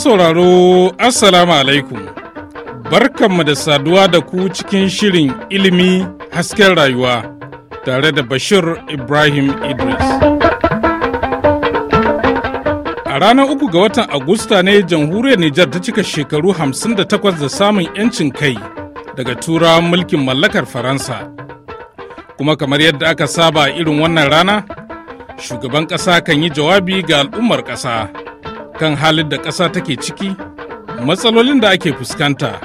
sauraro Assalamu alaikum. Barkanmu da saduwa da ku cikin shirin ilimi hasken rayuwa tare da Bashir Ibrahim Idris. A ranar uku ga watan Agusta ne jamhuriyar Nijar ta cika shekaru 58 da samun 'yancin kai daga turawan mulkin mallakar Faransa. Kuma kamar yadda aka saba irin wannan rana, shugaban ƙasa kan yi jawabi ga al'ummar ƙasa. kan halin da ƙasa take ciki matsalolin da ake fuskanta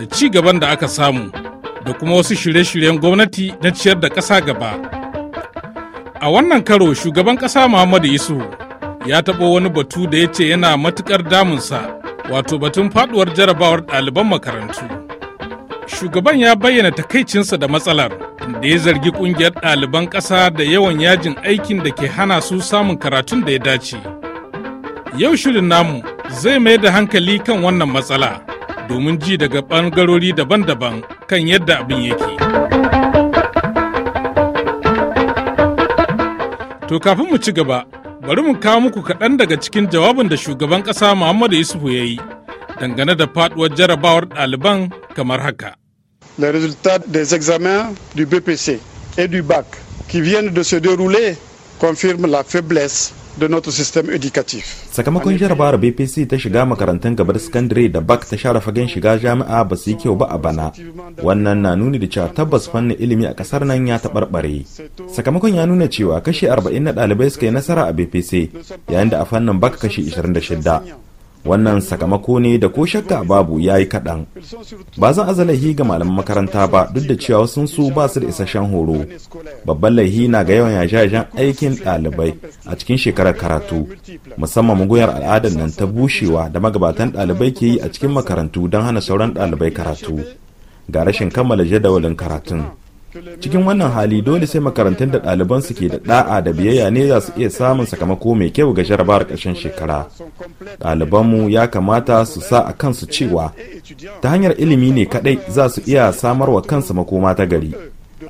da ci gaban da aka samu da kuma wasu shirye-shiryen gwamnati na ciyar da ƙasa gaba a wannan karo shugaban ƙasa muhammadu yusuf ya taɓo wani batu da ya ce yana matuƙar damunsa wato batun faɗuwar jarabawar ɗaliban makarantu shugaban ya bayyana takaicinsa da matsalar da ya zargi ƙungiyar ɗaliban ƙasa da yawan yajin aikin da ke hana su samun karatun da ya dace. Yau shirin namu zai mai da hankali kan wannan matsala domin ji daga ɓangarori daban-daban kan yadda abin yake. To kafin mu ci gaba, bari mu kawo muku kaɗan daga cikin jawabin da shugaban ƙasa Muhammadu Yusufu ya yi dangane da faɗuwar jarabawar ɗaliban kamar haka. Les résultats des examens du BPC et du BAC qui viennent de se dérouler confirment la faiblesse da notre système éducatif. Sakamakon jarabawar BPC ta shiga makarantun gabar sakandare da BAC ta share fagen shiga jami'a ba su yi kyau ba a bana. Wannan na nuni da cewa tabbas fannin ilimi a kasar nan ya taɓarɓare. Sakamakon ya nuna cewa kashi 40 na ɗalibai suka yi nasara a BPC yayin da a fannin BAC kashi 26. wannan sakamako ne da ko shakka babu ya yi kaɗan ba zan aza laihi ga malaman makaranta ba duk da cewa sun su ba su da isasshen horo babban laihi na ga yawan yajajen aikin ɗalibai a cikin shekarar karatu musamman mugunyar al'adar nan ta bushewa da magabatan ɗalibai ke yi a cikin makarantu don hana sauran ɗalibai karatu ga rashin kammala jadawalin karatun cikin wannan hali dole sai makarantun da ɗaliban su ke da ɗa'a da biyayya ne za su iya samun sakamako mai kyau ga jarabar ƙarshen shekara ɗalibanmu ya kamata su sa a kansu cewa ta hanyar ilimi ne kaɗai za su iya samarwa kansu makoma ta gari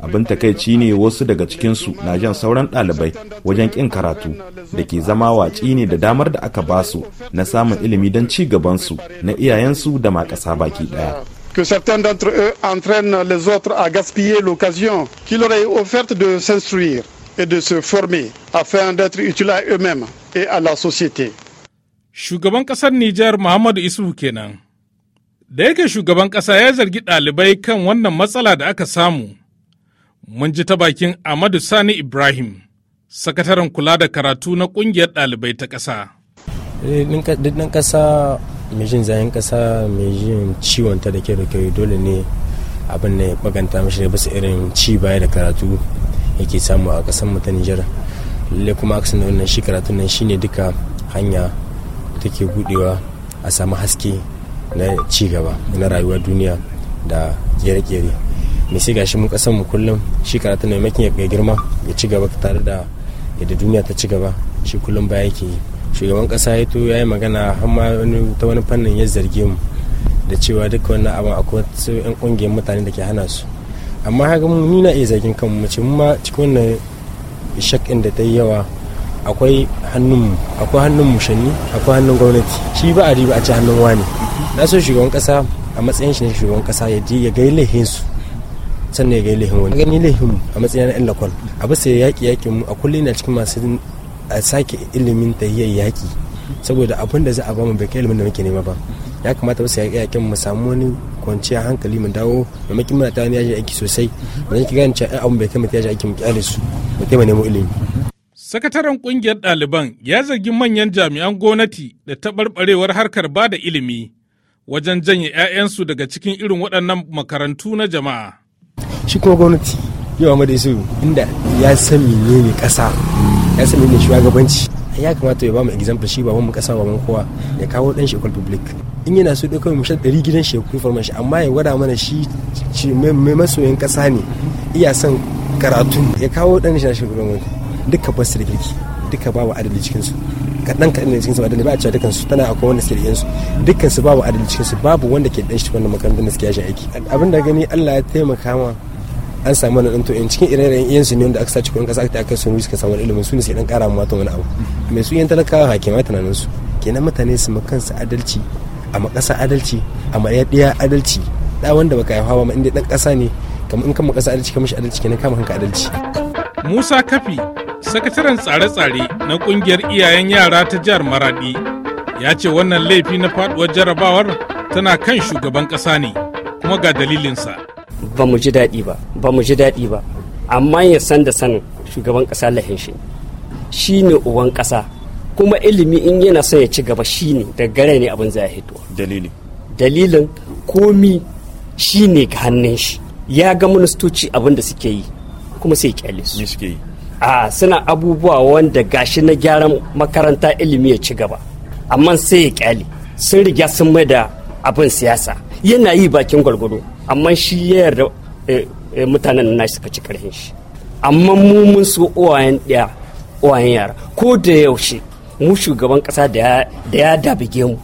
abin takaici ne wasu daga cikinsu na jan sauran ɗalibai wajen ƙin karatu da ke zama waci ne da damar da aka basu na samun ilimi don ci gabansu na iyayensu da ma ƙasa baki ɗaya. que certains d'entre eux entraînent les autres à gaspiller l'occasion qui leur est offerte de s'instruire et de se former afin d'être utiles à eux-mêmes et à la société. Shugaban kasar Nijar Muhammadu isufu kenan. Da yake shugaban kasa ya zargi ɗalibai kan wannan matsala da aka samu, mun ji ta bakin Amadu Sani Ibrahim, sakataren kula da karatu na ƙungiyar ɗalibai ta ƙasa. Eh, ƙasa mai jin zayen kasa mai jin ciwon ta da ke da dole ne abin da ya baganta mashi da basu irin ci baya da karatu yake samu a kasan mu ta Nijar lalle kuma aka sanar wannan shi karatun nan shine duka hanya take budewa a samu haske na ci gaba na rayuwar duniya da kere-kere me sai gashi mun kasan mu kullum shi karatun nan makin ya girma ya ci gaba tare da yadda duniya ta ci gaba shi kullum baya yake yi shugaban kasa ya ya yi magana amma ta wani fannin ya zarge mu da cewa duka wannan abin akwai wasu 'yan kungiyar mutane da ke hana su amma haka mu na iya zargin kanmu mu mu ma cikin wannan shakkin da ta yi yawa akwai hannun akwai hannun shani akwai hannun gwamnati shi ba a riba a ci hannun wani na so shugaban kasa a matsayin shi ne shugaban kasa ya je ya gai laihin su sannan ya gai laihin wani gani laihin a matsayin na ɗan lakwal a bisa yaƙi yaƙin mu a kullum na cikin masu a sake ilimin ta yi yaki saboda abin da za a bamu bai kai ilimin da muke nema ba ya kamata wasu yaƙi yaƙin mu samu wani kwanciya hankali mu dawo da maki muna ta wani yaji aiki sosai da zan kiga cewa abin bai kai mu yaji aiki mu kyale su mu kai mu nemo ilimi. sakataren kungiyar ɗaliban ya zargi manyan jami'an gwamnati da taɓarɓarewar harkar ba da ilimi wajen janye 'ya'yansu daga cikin irin waɗannan makarantu na jama'a. shi kuma gwamnati yau amma da isu inda ya ne ne kasa ya san menene shugabanci ya kamata ya ba mu example shi baban mu kasa baban kowa ya kawo dan shi public in yana so dokar mu dari gidan shi ku farma shi amma ya gwada mana shi mai masoyin kasa ne iya son karatu ya kawo dan shi shi gurin duka basu da kirki duka ba adalci cikin su kaɗan kaɗan da cikin su adalci ba a cewa dukkan su tana akwai wanda suke da su dukkan su babu adalci cikin su babu wanda ke dan shi wannan makarantar da suke yashi aiki abinda gani Allah ya taimaka ma an samu wani ɗan in cikin ire-iren iyan su ne wanda aka sace kuɗin ƙasa aka kai wuri suka samu wani ilimin su ne sai ɗan ƙara mata wani abu mai su yan talakawa hakimai tunanin su kenan mutane su ma kansu adalci a ma ƙasa adalci a ma ɗaya adalci ɗa wanda baka haifa ba ma inda ɗan ƙasa ne kamar in kama ƙasa adalci kamar shi adalci kenan kama hanka adalci. Musa Kafi sakataren tsare-tsare na ƙungiyar iyayen yara ta jihar Maradi ya ce wannan laifi na faɗuwar jarabawar tana kan shugaban ƙasa ne kuma ga dalilinsa. ba mu ji daɗi ba ba mu ji daɗi ba amma ya san da sanin shugaban ƙasa lahin shi shi ne uwan ƙasa kuma ilimi in yana son ya ci gaba shi ne da gare ne abin za hito dalilin dalilin komi shi ne ga hannun shi ya ga ministoci abin da suke yi kuma sai kyale su suke yi a suna abubuwa wanda gashi na gyaran makaranta ilimi ya ci gaba amma sai ya kyale sun riga sun mai da abin siyasa yana yi bakin gwargwado amma shi ya yarda eh, eh, mutanen na suka ci karfin shi amma mu mun so uwayen ɗaya uwayen yara ko da yaushe mu shugaban ƙasa da ya dabige mu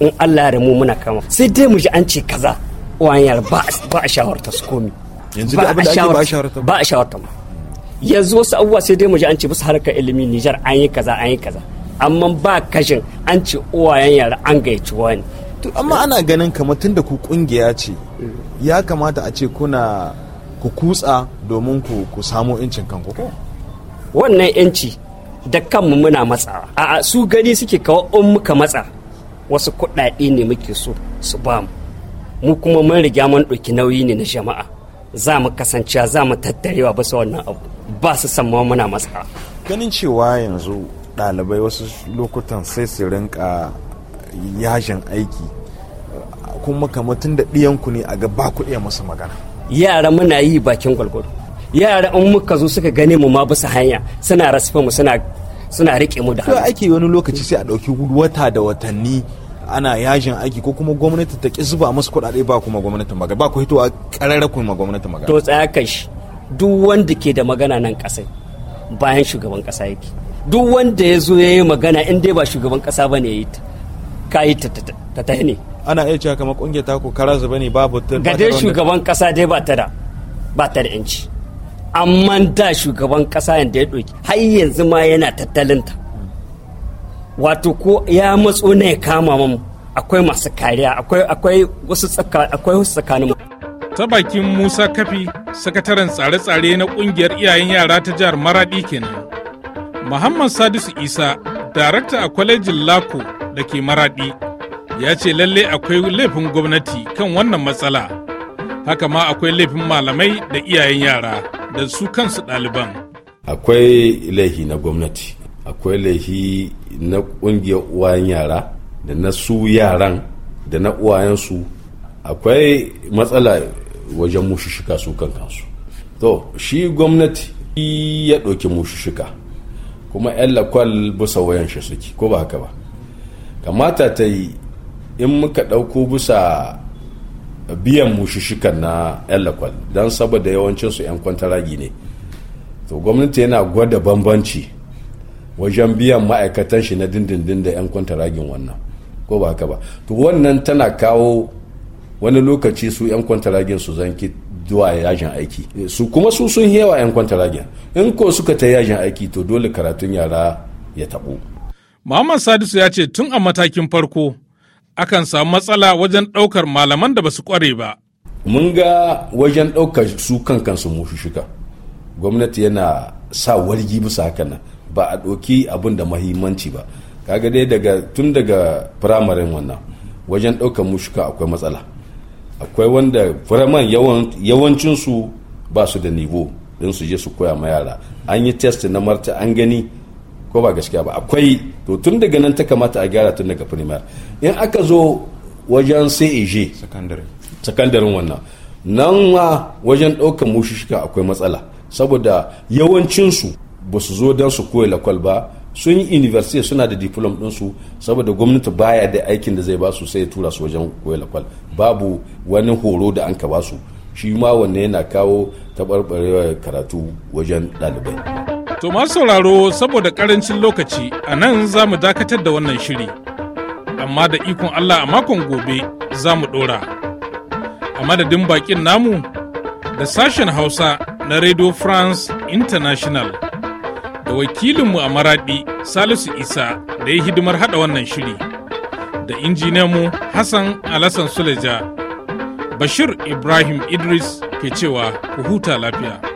in Allah ya mu muna kama sai dai mu ji an ce kaza uwayen yara ba a shawarta su komi da ba a shawarta ba ma yanzu wasu abubuwa sai dai mu ji an ce bisa harkar ilimi Nijar an yi kaza an yi kaza amma ba kashin an ce uwayen yara an gayyaci wani to amma ana ganin kamar da ku kungiya ce ya kamata a ce kuna ku kutsa domin ku ku samu incin kanku ko wannan yanci da kanmu muna matsa. a su gani suke kawo in muka matsa wasu kuɗaɗe ne muke so su ba mu mu kuma mun riga mun ɗauki nauyi ne na jama'a za mu kasancewa za mu tattarewa ba su wannan abu ba su san muna matsa ganin cewa yanzu ɗalibai wasu lokutan sai su rinka yajin aiki kuma kamar tun da ɗiyanku ne a ga ba ku iya masa magana yara muna yi bakin gwalgwado yara in muka zo suka gane mu ma bisa hanya suna rasfa mu suna suna rike mu da hannu ake wani lokaci sai a ɗauki wata da watanni ana yajin aiki ko kuma gwamnati ta ki zuba musu kuɗaɗe ba kuma gwamnati magana ba ku hitowa ƙararra ma gwamnati magana to tsaya kashi shi duk wanda ke da magana nan ƙasai bayan shugaban ƙasa yake duk wanda ya zo ya yi magana in dai ba shugaban ƙasa ba ne ya yi ta kayi ta ta ne ana iya cewa kamar kungiyar ta ku kara zuba ne babu ta Gade shugaban kasa dai ba ta da ba ta da yanci amma da shugaban kasa yadda ya ɗauki har yanzu ma yana tattalin ta wato ko ya matso ne kama mu akwai masu kariya akwai akwai wasu tsaka akwai wasu tsakanin ta bakin Musa Kafi sakataren tsare-tsare na kungiyar iyayen yara ta jihar Maradi kenan Muhammad Sadisu Isa darakta a kwalejin Lako da ke maraɗi ya ce lalle akwai laifin gwamnati kan wannan matsala haka ma akwai laifin malamai da iyayen yara da su kansu ɗaliban akwai laifi na gwamnati akwai laifi na ƙungiyar uwayen yara da na su yaran da na uwayensu akwai matsala wajen mushishika su kan kansu to shi gwamnati ya ɗauki mushishika kuma 'yan lakwal bisa wayan shi suke ko ba haka ba kamata ta yi in muka ɗauko bisa biyan mushushukan na 'yan lakwal don saboda yawancinsu 'yan kwantaragi ne to gwamnati yana gwada bambanci wajen biyan ma'aikatan shi na dindindin da 'yan kwantaragin wannan ko ba haka ba to wannan tana kawo wani lokaci su 'yan kwantaragin su zanki zuwa yajin aiki su kuma su sun yawa 'yan kwantaragin in ko suka ta yajin aiki to dole karatun yara ya taɓo Muhammad Sadisu ya ce tun a matakin farko akan samu matsala wajen ɗaukar malaman da ba su ƙware ba. Mun ga wajen ɗaukar su kan kansu mushushuka. Gwamnati yana sa wargi bisa haka nan ba a ɗauki abin da mahimmanci ba. Kaga dai daga tun daga firamarin wannan wajen ɗaukar mushuka akwai matsala. Akwai wanda firaman yawancinsu ba su da nivo don su je su koya ma yara. An yi test na marta an gani ko ba gaskiya ba akwai to tun daga nan ta kamata a gyara tun daga primar in aka zo wajen cag e sakandarin wannan nan ma wajen ɗaukar mushishika akwai matsala saboda yawancinsu ba su zo don su koya lakwal ba sun yi university suna da diplom su saboda gwamnati baya da aikin da zai ba su sai tura su wajen koya lakwal babu wani horo da an ka ba su shi ma wanne yana kawo taɓarɓarewa karatu wajen ɗalibai. To masu sauraro saboda karancin lokaci a nan za mu dakatar da wannan shiri, amma da ikon Allah a makon gobe za mu ɗora. A madadin bakin namu da sashen Hausa na Radio France International da wakilinmu a Maraɗi Salisu Isa da ya hidimar haɗa wannan shiri da injiniyanmu Hassan Alassan Suleja Bashir Ibrahim Idris ke cewa ku huta lafiya.